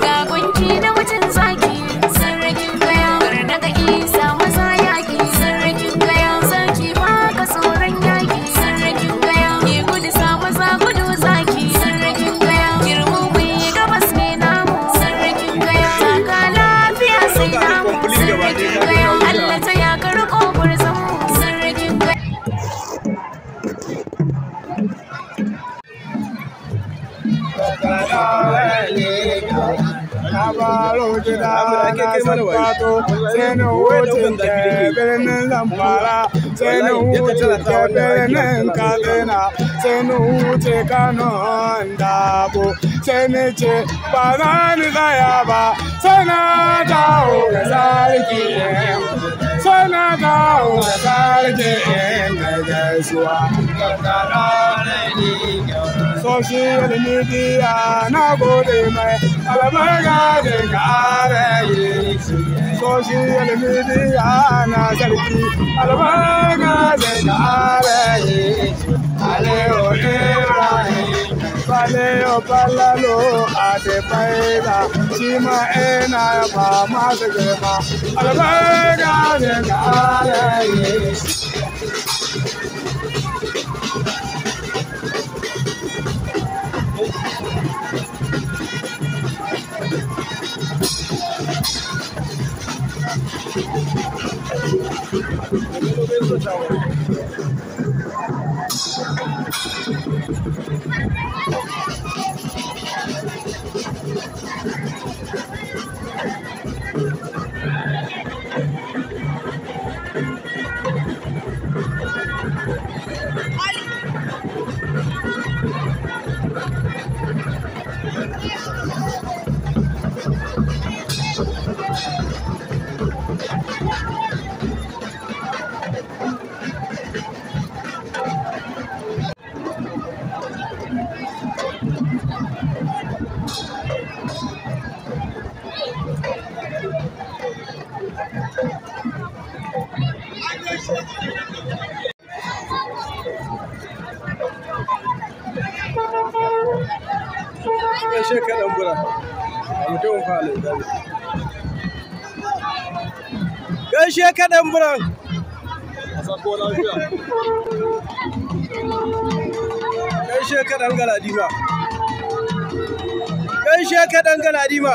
Ga gunki na wajen zaki. Abaro gida na sabbato sai na wuce ke birnin Zamfara sai na wuce ke birnin Katsina sai na wuce Kano Dabo sai na ce ba za ni tsaya ba sai na dawo ga sarki sai na dawo ga sarki ga gaisuwa ga ɗanar ni social media na gode mai albarka da kare yi social media na sarki albarka da kare yi ale aleo ibrahim paleo palalo adepaila shima ena ba ma girma albarka da kare yi Tchau, tchau. gaishe ka mutum gaishe buran gaishe kaɗan galadima gaishe kaɗan galadima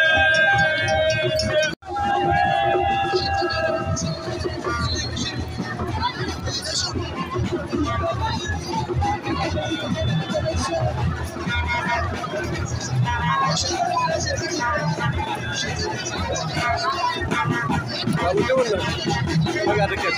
We got the kick.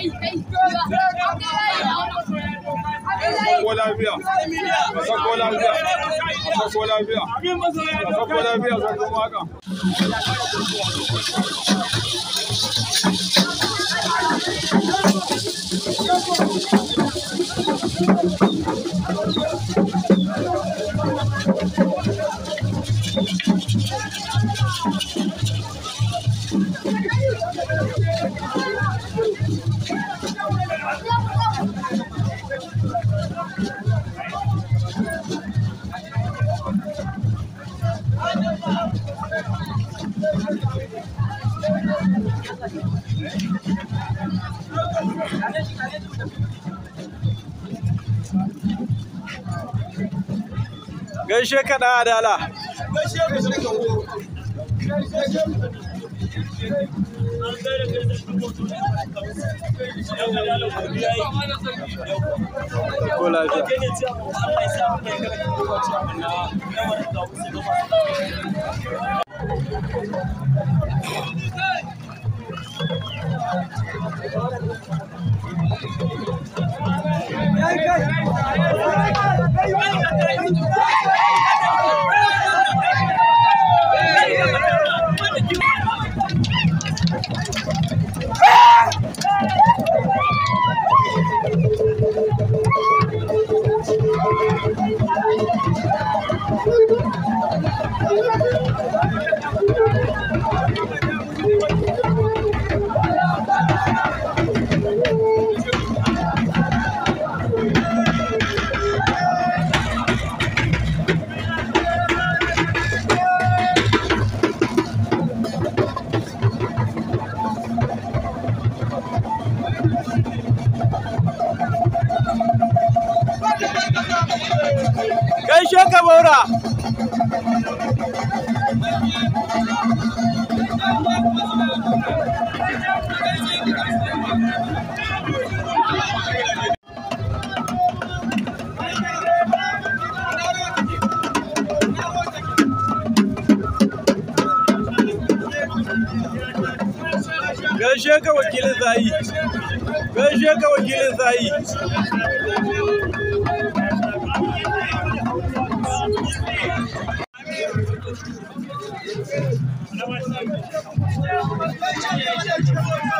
Sako lafiya, sako lafiya, sako lafiya, sako lafiya, lafiya, lafiya, Gaishe kaɗa adala. Ko lafiya. Kai kai wakilin zayi gaishe ka wakilin zayi Thank you.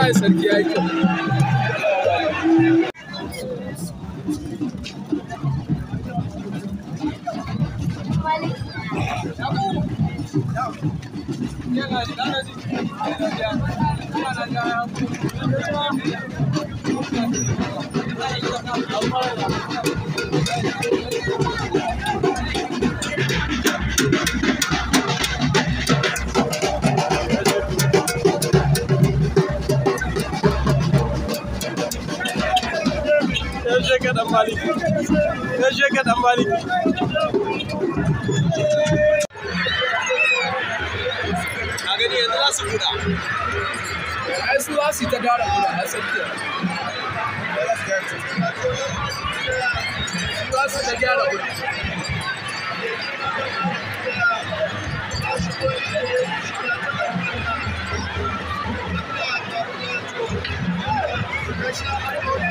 wallahi sarki ya yi Thank you. Gaishe ka dan maliki. A gani yanzu Thank you.